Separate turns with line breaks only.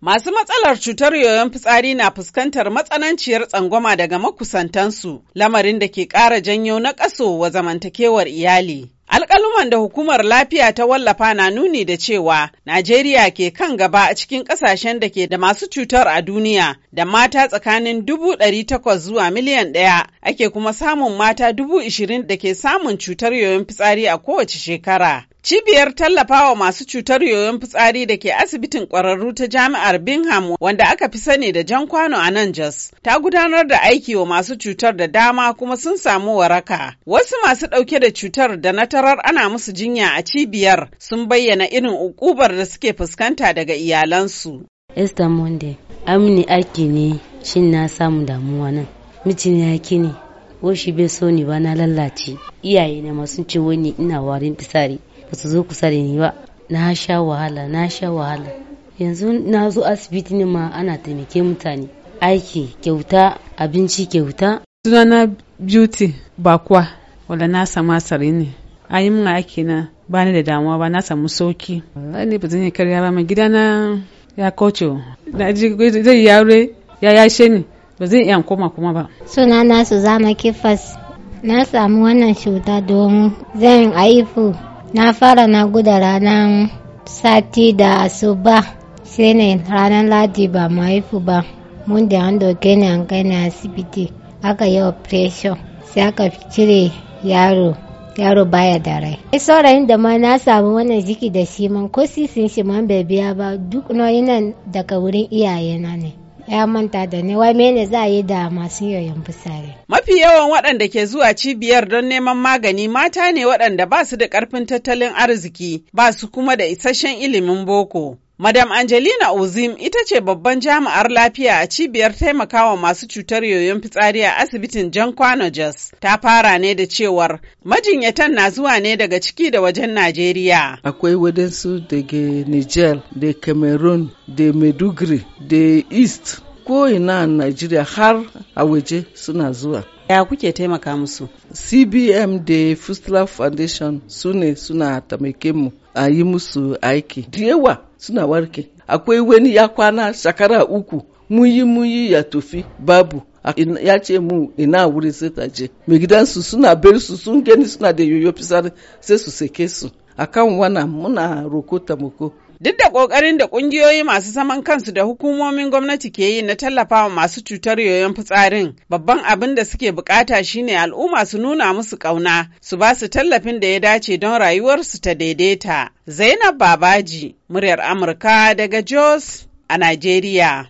Masu matsalar cutar yoyon fitsari na fuskantar matsananciyar tsangwama daga makusantansu, lamarin da ke ƙara janyo na ƙaso wa zamantakewar iyali. Alkaluman da hukumar lafiya ta wallafa na nuni da cewa Najeriya ke kan gaba a cikin ƙasashen da ke da masu cutar a duniya da mata tsakanin dubu ɗari takwas zuwa miliyan ɗaya ake kuma samun mata dubu ishirin da ke samun cutar yoyon fitsari a kowace shekara. Cibiyar tallafawa masu cutar yoyon fitsari da ke asibitin ƙwararru ta jami'ar Bingham wanda aka fi sani da jan kwano a nan Jos ta gudanar da aiki wa masu cutar da dama kuma sun samu waraka. Wasu masu ɗauke da cutar da na tarar ana musu jinya a cibiyar sun bayyana irin ukubar da suke fuskanta daga iyalansu.
Esther Monday, amini aiki ne shin na samu damuwa nan. mijin ya ki ne washi bai so ni ba na lallace iyaye na masu sun ce wani ina warin fisari ba su zo kusa da ni ba na sha wahala na sha wahala yanzu na zo asibiti ne ma ana taimake mutane aiki kyauta abinci kyauta sunana beauty bakwa wala na sama sare ne a yi min aiki
na ba ni da damuwa ba na samu sauki ne ba zan yi karya ba mai gida na ya kauce na ji zai yare ya yashe ni ba zai iya koma kuma ba
suna na su zama kifas na samu wannan cuta don zan aifu. na fara na guda ranar sati da asuba sai ne ranar ladi ba mu haifu ba mun da an doke ne an kai ne asibiti aka yi operation sai aka cire yaro yaro baya da rai. Ai saurayin da ma na samu wannan jiki da shi man ko sisin shi man bai biya ba duk nauyin nan daga wurin iyayena ne. ya manta da ne wai mene za a yi da masu yoyon fusari.
Mafi yawan waɗanda ke zuwa cibiyar don neman magani mata ne waɗanda ba su da ƙarfin tattalin arziki ba su kuma da isasshen ilimin boko. Madam Angelina Ozim ita ce babban jami'ar lafiya a cibiyar taimakawa masu cutar yoyon fitsari a asibitin Jan Kwano Jos. Ta fara ne da cewar majinyatan na zuwa ne daga ciki da wajen Najeriya.
Akwai wadansu daga Niger, da Cameroon, da Maiduguri, da East, ko ina Najeriya har a waje suna zuwa. ya kuke taimaka musu cbm da fustula foundation su ne suna taimake mu a yi musu aiki da yawa suna warke akwai wani ya kwana shakara uku muyi muyi ya tofi babu ya ce mu ina wuri sai ta je mai gidansu suna bari su sun gani suna da yoyo fisari sai su seke su akan wannan muna roko tamako
Duk da ƙoƙarin da ƙungiyoyi masu zaman kansu da hukumomin gwamnati ke yi na tallafawa masu cutar yoyon fitsarin, babban abin da suke bukata shine al'umma su nuna musu ƙauna, su ba su tallafin da ya dace don rayuwarsu ta daidaita. Zainab Babaji, muryar Amurka daga Jos a Najeriya.